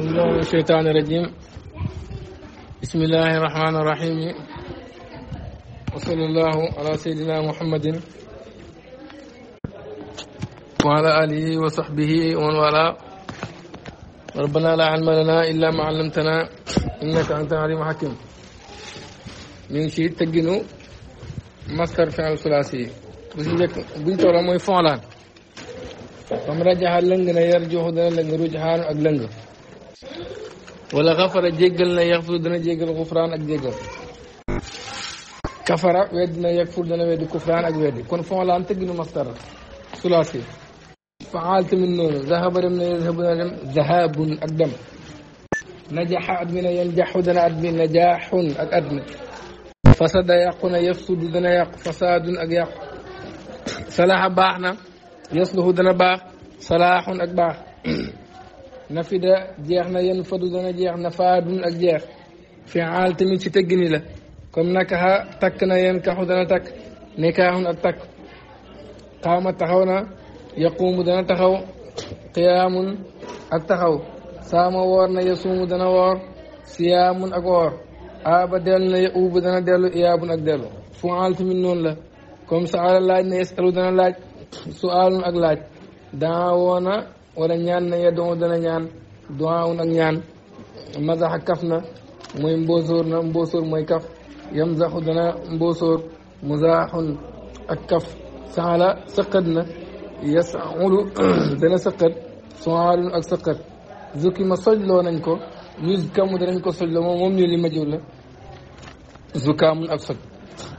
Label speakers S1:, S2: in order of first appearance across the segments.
S1: الله الشيطان الرجيم بسم الله الرحمن الرحيم وصلى الله على سيدنا محمد وعلى آله وصحبه ومن والاه ربنا لا علم لنا إلا ما علمتنا إنك أنت العليم حكيم من شيء تجنو مسكر في الثلاثي بنت tolloo mooy fonlaan comme rajaxa lëng na yar joxu ولا غفر جيجل لا يغفر دنا جيجل غفران اك جيجل كفر ودنا يغفر دنا ود كفران اك ود كون فون لان تيغ نو مستر ثلاثي فعالت من نون ذهب من يذهب من ذهاب اقدم نجح ادمنا ينجح دنا ادم نجاح اقدم فسد يقنا يفسد دنا يق فساد اك يق صلاح باحنا يصلح دنا باح صلاح اك باح nafida jeex na yan fadu dana jeex nafaadun ak jeex fi aal tamit ci tëggini la comme nakaxa takk na yan kaxu dana takk nikaaxun ak takk qaama taxaw na yaquumu dana taxaw qiyaamun ak taxaw saama woor na yasuumu dana woor siyaamun ak woor aaba dellu na yauubu dana dellu iyaabun ak dellu fu aal tamit noonu la comme saala laaj na yasalu dana laaj suaalun ak laaj daa woona wala ñaan na yeddoo dana ñaan duwaaw ak ñaan mazaxa kaf na mooy mbóosóor na mooy kaf yam zaxu dana mbóosóor muzaaxun ak kaf saala sëqat na yasulu dana sëqat soaalun ak sëqat zukki ma sojloo nañ ko yus kamu danañ ko sojloo moom moom ñu li majur la zukaamun ak soj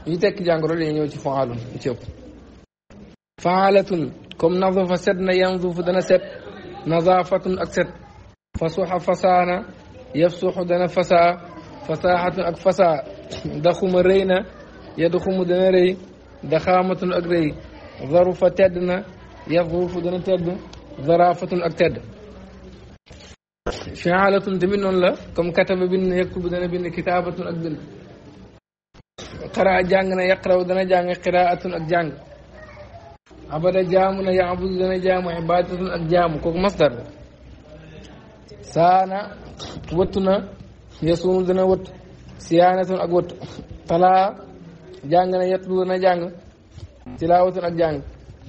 S1: yi tekki jàngoro dañuy ñëw ci faalun ci ëpp faalatun comme nazufa set na yanzufu dana set nazaafatun ak set fasuxa fasaana yafsuxu dana fasaa fasaaxatun ak fasaa daxuma rëy na yadxumu dana rëy daxaamatun ak rëy zarufa tedd na yadrufu dana tedd zaraafatun ak tedd fiaalatun tamit noonu la comme kataba bind na yaktubu dana bind kitaabatun ak bind qaraa jàng na yaqraw dana jàng qiraatun ak jàng abada jaamu na yaabudu dana jaamu ibaadatun ak saana wattu na yasuunu dana wattu siyaanatun ak wattu talaa jàng na yatlu dana jàng tilaawatun ak jàng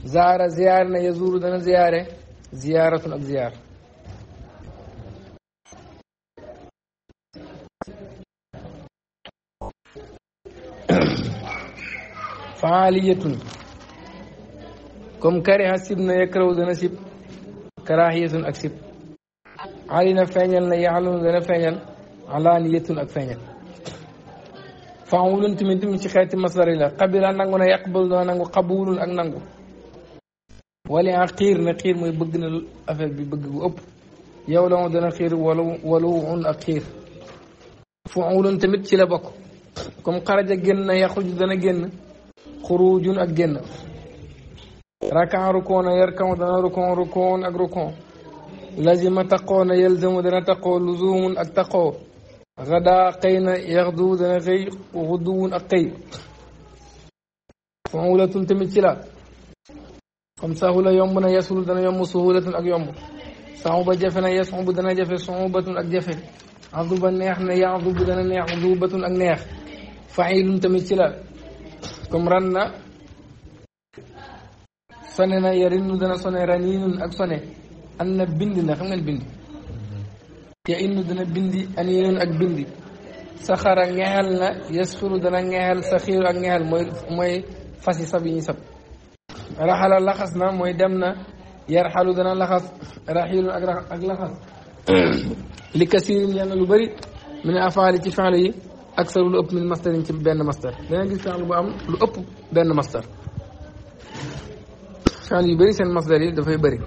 S1: zaara ziyaare na dana ziyaare ziyaaratun ak ziyaar comme kariha sib na yakrahu dana sib karahiyatun ak sib alina feeñal na yaalumu dana feeñal alaaniyatun ak feeñal faamulun tamit tamit ci xeeti masdar yi la qabila nangu na yaqbal dana nangu qabulun ak nangu wali en xiir na xiir mooy bëgg na affaire bi bëgg bu ëpp yow la dana xiir walu walu un ak xiir faamulun tamit ci la bokk comme xaraja génn na yaxruju dana génn xurujun ak génn ركع ركون يركع دنا ركون ركون ak rukon lazima taqoo na yelzamu dana taqoo luzumun ak taqoo xadaa xëy na yaxdu dana xëy xuduwun ak xëy fawulatun tamit ci la comme sahula yomb na yasul dana yomb suhulatun ak yomb saxuba jafe na yasubu dana jafe suxubatun ak jafe aduba neex na yaxdubu dana neex xudubatun ak neex failun tamit ci la comme ran na sone na yarinu dana sone raninun ak sone an na bind na xam ngeen bind ya innu dana bindi aninun ak bindi saxara ngexel na yasfuru dana ngexel ak mooy mooy fasi sab yi ñu sab raxala laxas na mooy dem na yarxalu dana laxas lu bëri min afaali ci fenlu yi ak saru lu ëpp min mastarin ci benn mastar dana gis fenlu bu am lu ëpp benn mastar شان يعني يبري سن مصدر دا فاي بري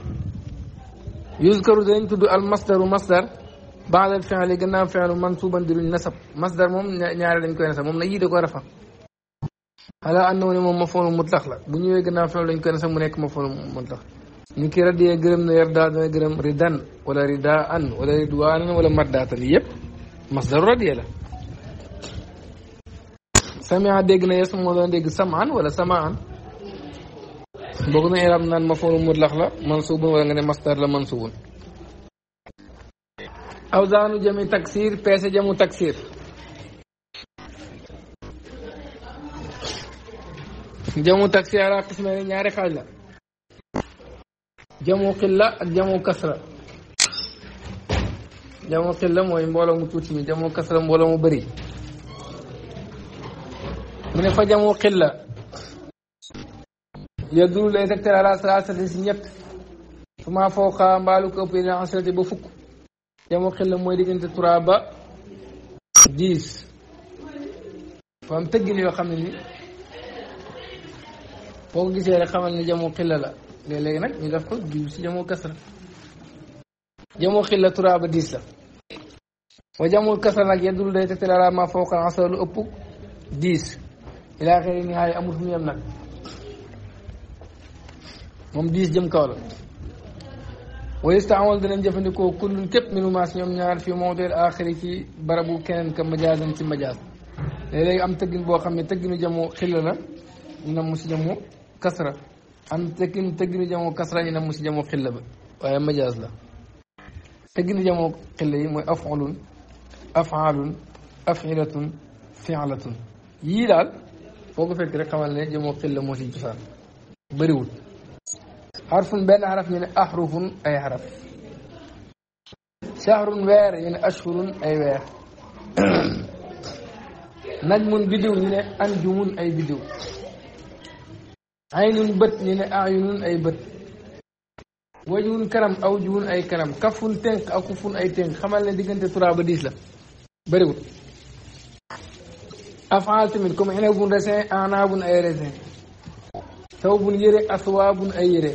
S1: يذكر دين تدو المصدر مصدر بعد الفعل قلنا فعل منصوبا دل النسب مصدر مم نيار دنج كو نسب مم نيي دكو رفا على انه مم مفعول مطلق لا بو نيوي قلنا فعل دنج كو نسب مو نيك مفعول مطلق نيكي ردي غرم نير دا دا غرم ردان ولا رداء ولا ردوان ولا مدات لي يب مصدر ردي لا سمع دغنا يسمو دغ سمعا ولا سماعا boo gën a irab naan mafoolu mutlax la mansuubun wala nga ne masdar la mansuubun awzaanu jami taksir peese jamu taksir jamu taksir ala qismayni ñaari xaaj la jamu xilla ak jamu kasra jamu xilla mooy mbooloo mu tuuti mi jamu kasra mbooloo mu bëri mu ne fa jamu xilla yadul lay tegtal ala salaasati ko ëpp ila la mooy diggante trois ba yoo xam ne ni gisee rek xamal ni jamu la léeg-léegi def ko jiw si jamu kasra jamu ba dix la wa jamul kasra nag yadul day tegtal foo xaa asra lu ëpp dix ilaa fu mu yem nag moom diis jëm kaw la wa yastaamal danañ jëfandikoo kullun képp minu maas ñoom ñaar fii mawdil axiri ci barabu keneen ka majaasan ci majaas léeg-léegi am tëggin boo xam ne tëgginu jamu xilla la ñu ne mu si jamu kasra am tëggin tëgginu jamu kasra ñu ne mu si jamu xilla ba waaye majaas la tëgginu jamu xilla yi mooy afalun afaalun afilatun fialatun yii daal foo ko fekk rek xamal ne jamu xilla moo si josaan bëriwul حرف بين عرف من يعني أحرف أي حرف شهر وير من يعني أشهر أي وير نجم بدو من يعني أنجم أي بدو عين بت من أعين أي بت وجه كرم أو جون أي كرم كف تنك أو كف أي تنك خمال الذي كنت ترى بديس لك بريو أفعال تمنكم حين أبون رسين أعناب أي رسين ثوب يري أثواب أي يري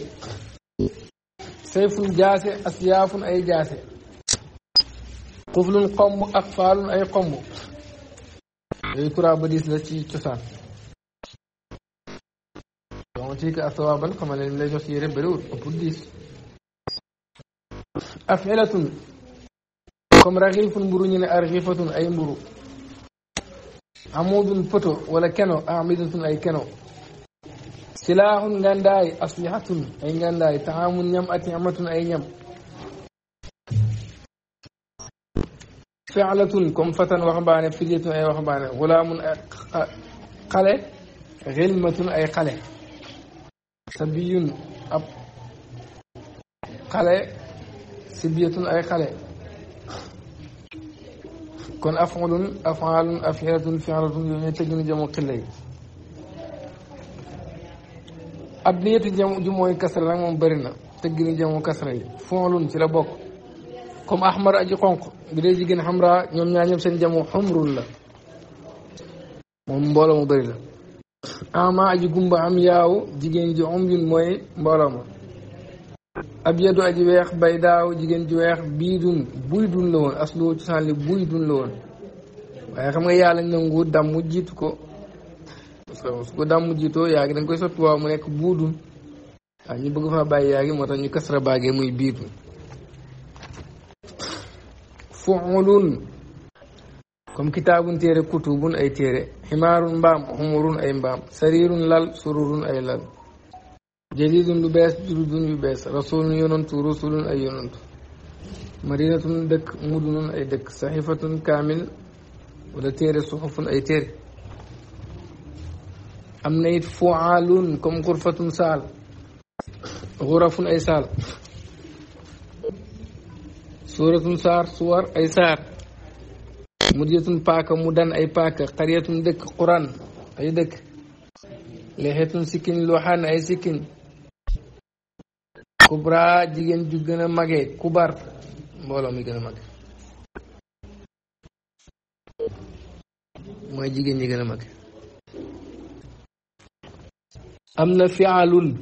S1: sayfun jaase asyaafun ay jaase xuflun xomb ak ay xomb yooyu kuraa badis la ci cosaan donc ci ka asawaabal xamal leen lay jox yére bëriwul ëppul diis afilatun comme raxiifun mburu ñu ne arxiifatun ay mburu amudun poto wala keno amidatun ay keno silahun gandaye aslihatun ay gandaye taamun ñam ati amatun ay ñam fi'latun comme fatan waxambaane fijetun ay waxambaane gulaamun ay xale xilmatun ay xale sabiyun ab xale sibiyatun ay xale kon af'alun af'alun af'ilatun fi'latun yooyu ñooy tegginu jamu xille yi ab niyati jam ju mooy kasra nag moom bëri na tëgg ni jamu kasra yi fonlun ci la bokk comme ahmar aji xonq bi dee jigéen xamra ñoom ñaar ñëpp seen jamu xumrul la moom mbooloo mu bëri la ama aji gumba am yaaw jigéen ji om mooy mbooloo ma ab yadu aji weex bay daaw jigéen ji weex bii dun buy dun la woon aslu cosaan li buy dun la woon waaye xam nga yàlla nangu damm jiitu ko su ko damm jiitoo yaa gi koy sotti waaw mu nekk buudu waaw ñu bëgg faa bàyyi yaa gi moo tax ñu kasra baagee muy biitu fuulun comme kitaabun téere kutubun ay téere ximaarun mbaam xumurun ay mbaam sariirun lal sururun ay lal jadidun lu bees jurudun yu bees rasulun yonantu rusulun ay yonantu madinatun dëkk mudunun ay dëkk saxifatun kaamil wala téere suxufun ay téere am na it fuaalun comme xurfatun saal xurafun ay saal suuratun saar suwar ay saar mudiyatun paaka mu ay paaka xariyatun dëkk quran ay dëkk leexetun sikkin luxaan ay sikkin kubra jigéen ju a mage kubar mbooloo mi jigéen ñi gën a mage أمن فعل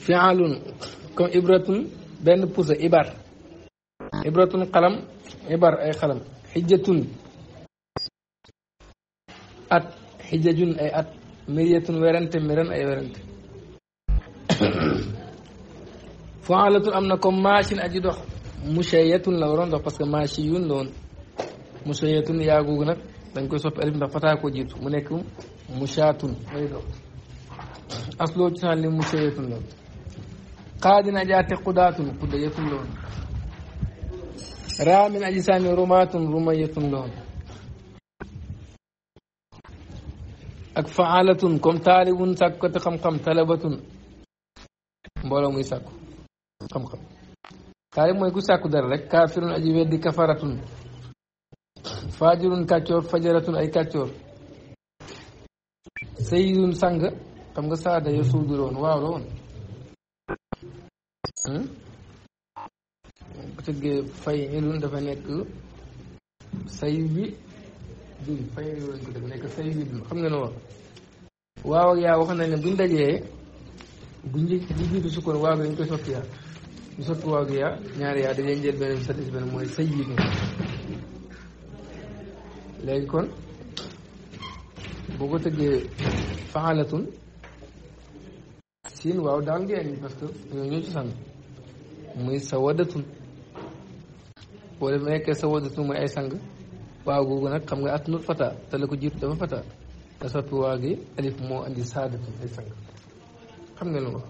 S1: فعل كم إبرة بين بوزة إبر إبرة قلم إبر أي قلم حجة أت حججون أي أت miriyatun werante miran ay werante faalatun am na comme machine aji dox mushayatun la dox parce que mashiyun la woon mushayatun yaa googu nag dañ koy soppi alif ndax mu nekk mushaatun lay dox asloo saan li mushayatun la qaadin aji atte qudaatun qudayatun raamin aji saani rumaatun rumayatun la ak faalatun comme taalibun sàkkati xam-xam talabatun mbooloo muy sàkku xam-xam taalib mooy ku sàkku dara rek kaafirun aji weddi kafaratun faajirun kàccoor fajaratun ay kàccoor sayidun sang xam nga saada yo suudu la waaw la hmm? bu tëggee fay ilun dafa nekk sayid bi diw fayal woon ko def nekk sayyidun xam nga ne wax waaw yaa wax na ne buñ dajee bu njëkk di jiitu sukkoon waaw dañ koy sotti yaa ñu sotti waaw gi yaa ñaari yaa dañuy jël beneen satis beneen mooy sayyidun léegi kon boo ko tëggee faxalatun siin waaw daal ngeen parce que ñoo ñoo ci sànn muy sawadatun boo def nekkee sawadatun mooy ay sang waaw googu nag xam nga at nul fata te la ko jiitu dafa fata te soppi waa gi alif moo andi saadatun ay sang xam nga lu ma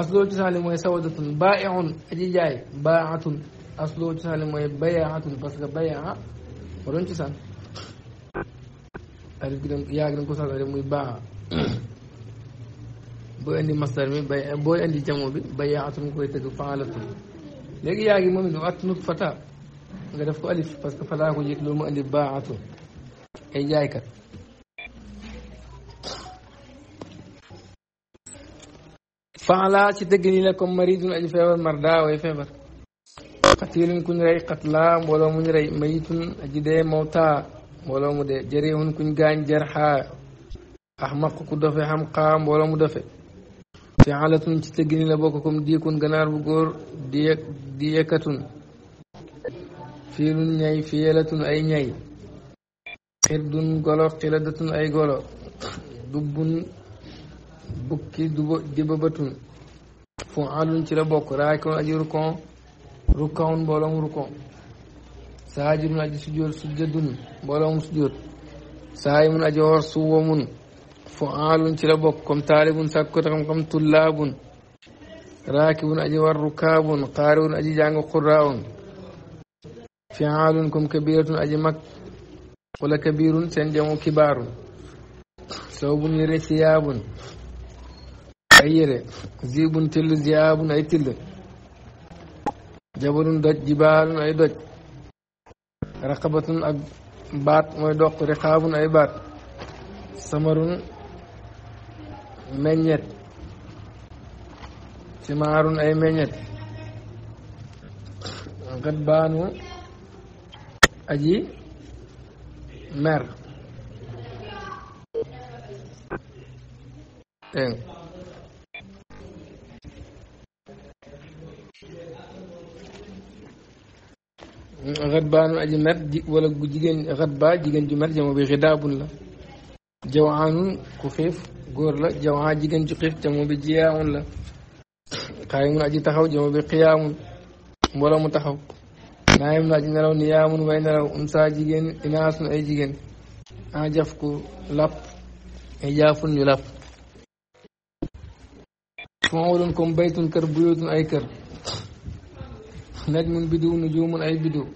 S1: asloo ci saali mooy sawadatun baa'iun aji jaay baaxatun asloo ci saali parce que bayaaxa moo doon ci alif gi da yaa gi da ko saxal muy baaxa boo indi masdar mi bay indi jamo bi bayaaxatun koy tëgg faalatun léegi yaa gi moom it at nul fata nga def ko alif parce que falaa ko jiit mu alif baaxatu ay jaaykat faala ci dëgg nii la comme maridun aji way feebar xatilun kuñ rey xatla mbooloo muñ rey mayitun aji dee mawta mbooloo mu dee kuñ gaañ jarxa axmaq ku dofe xam xaa mbooloo dofe fialatun ci dëgg nii la bokk ganaar bu góor di fiilun ñay fiyelatun ay ñay xirdun golo xiladatun ay golo dubbun bukki dibabatun fu alun ci la bokk raakon aji rukon rukon mbooloo mu rukon saajirun aji sujjadun mbooloo mu sujjóot saayimun aji woor suwamun fu alun ci la bokk comme taalibun sàkko te xam-xam tullaabun raakibun aji war rukaabun qaariun aji jàng quraawun fi'aalun comme kabiratun aji mag wala kabirun seen jamu kibaaru sawbun yére siyaabun ay yére zibun till ziyaabun ay till jabalun doj jibaalun ay doj raqabatun ak ay baat samarun meññet simaarun ay meññet gadbaanu aji mer dégg xadbaanun aji mer wala gu jigéen xadba jigéen ju mer jamo bi xidaabun la jawaanun ku xiif góor la jawaan jigéen ju xiif jamo bi jiyaamun la xaayimun aji taxaw jamo bi xiyaamun mbooloo mu taxaw naayam naa ji nelaw ni yaamun way nelaw unsa jigéen inaasun ay jigéen a jaf ku làpp ay jaafun ñu làpp fawolun comme baytun kër buyutun ay kër najmun bidiw nujumun ay bidiw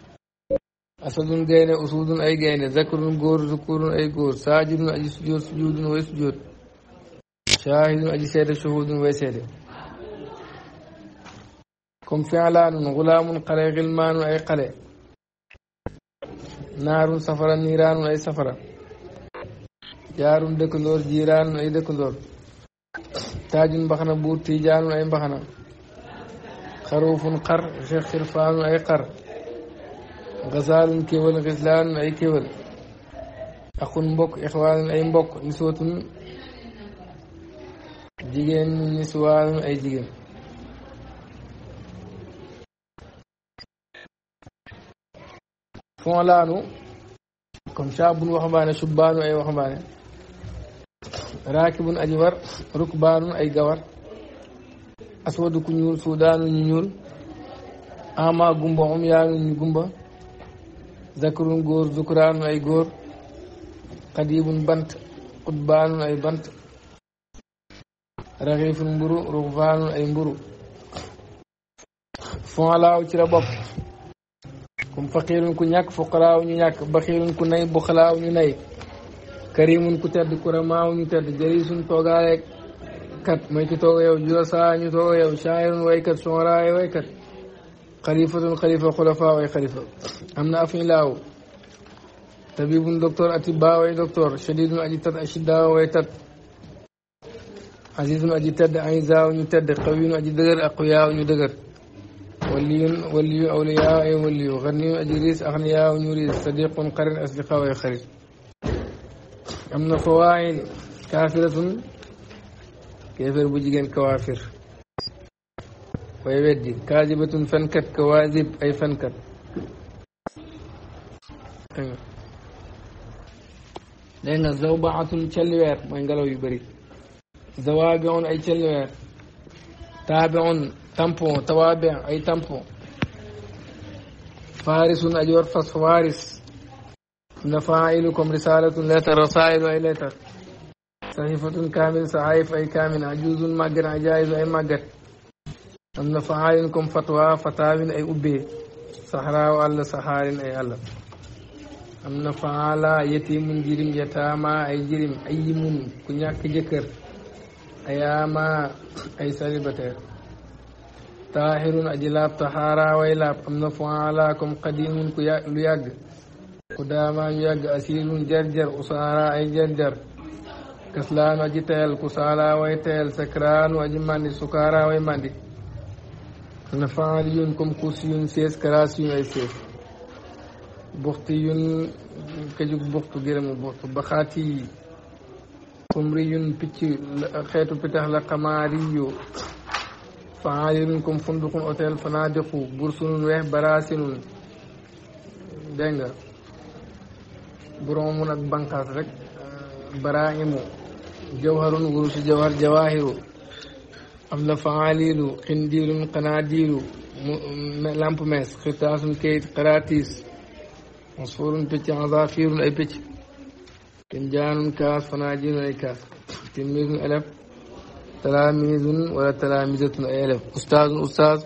S1: asadun gaynde usudun ay gaynde zakarun góor zukurun ay góor saajidun aji sujood sujudun way sujood shaahidun aji seede shuhudun way seede comme fialaanun xulaamun xale xilmaanun ay xale naarun safara niiraanun ay safara jaarun dëkkandoor jiiraanun ay dëkkandoor taajun mbaxana buur tiijaanun ay mbaxana xaruufun xar xirfaanun ay xar xasaalun kéwal xislaanun ay kéwal akun mbokk ixwaanun ay mbokk nisootun jigéen niswaanun ay jigéen fon laanu comme saabun waxambaane subbaanu ay waxambaane raakibun aji war rukbaanun ay gawar aswadu ku ñuul suudaanu ñu ñuul ama gumba umyaanu ñu gumba zakarun góor zukuraanu ay góor xadiibun bant xutbaanun ay bant raxiifun mburu ruxfaanun ay mburu fon ci la bopp comme faqiirun ku ñàkk fuqaraaw ñu ñàkk baxiirun ku nay buxalaaw ñu nay karimun ku tedd kuramaaw ñu tedd jërisun toogaaleeg kat mooy ki toog yow julasaa ñu toog yow shaayirun waykat sonraay waykat xalifatun xalifa xulafaa way xalifa am na afin laaw tabibun docteur atibaa way docteur shadidun aji tat ashiddaa way tat azizun aji tedd aizaaw ñu tedd xawiyun aji dëgër aqwiyaaw ñu dëgër waliyun waliyu awliyaa ay waliyu xarniyun aji riis axniyaa ñu riis sadiqun xarin asdiqaa ay xarit am na fawaayin kaafiratun kéeféer bu jigéen kawaafir way weddi kaazibatun fenkat kawaazib ay fenkat dégg nga zawbaatun celliweer mooy ngelaw yu bëri zawaabiun ay celliweer taabiun tampon tawaabi ay tampon فارس أجور فص فارس نفائلكم رسالة لتر رسائل أي لتر صحيفة كامل صحائف أي كامل عجوز ماجر عجائز أي ماجر نفائلكم فتوى فتاوين أي أبي صحراء الله صحار أي الله أمنا فعلا يتيم جرم يتاما أي جرم أي من كنياك جكر أياما أي سالبتر taahirun aji laab taxaara laab am na fuala comme qadimun ku yàgg ku daamaa ñu yàgg asilun jarjar usaara ay jarjar kaslaanu aji tayal ku saala tayal sakraanu aji mandi sukaara way mandi nafaaniyun comme kursiyun sees karaasiyun ay sees buxtiyun kajug buxtu gërëmu buxtu baxaati xumriyun picc xeetu pitax la xamaariyu faayirun comme funduqun hôtel fanadiqu bursunun weex barasinun dégg nga boroomun ak banqaas rek eh, baraimu jawharun wurusu jawhar jawahiru am na faalilu xindiilun qanadilu mm, lampe mees xirtaasum kayit xaratis masuurun picc azafirun ay picc finjaanun kaas fanajinun ay kaas timmirun elef talaamiizun wala talaamiizatun ay élève ustaazun ustaaz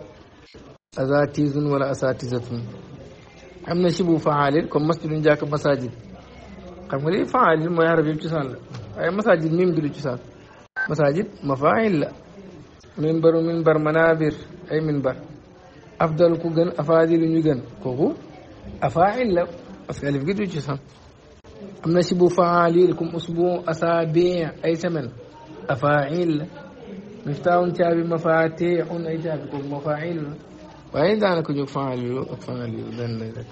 S1: asaatiizun wala asaatiizatun am na shibu faalil comme masjidun jàkk masajid xam nga li faalil mooy arab minbar manabir ay minbar afdal ku gën afaadilu ñu gën kooku afail la parce que alif am na shibu faalil comme usbu asaabi ay semaine afail la miftaaxun caabi mafaatixun ay caabi kooku mafaa'ilu la waaye daanaka jóg faalilu ak faalilu benn lay rek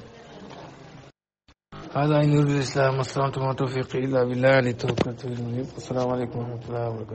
S1: hada ay nurul islam astantu ma tawfiqi illa billah li tawfiqi assalaamu aleykum wa rahmatullahi wa barakatuh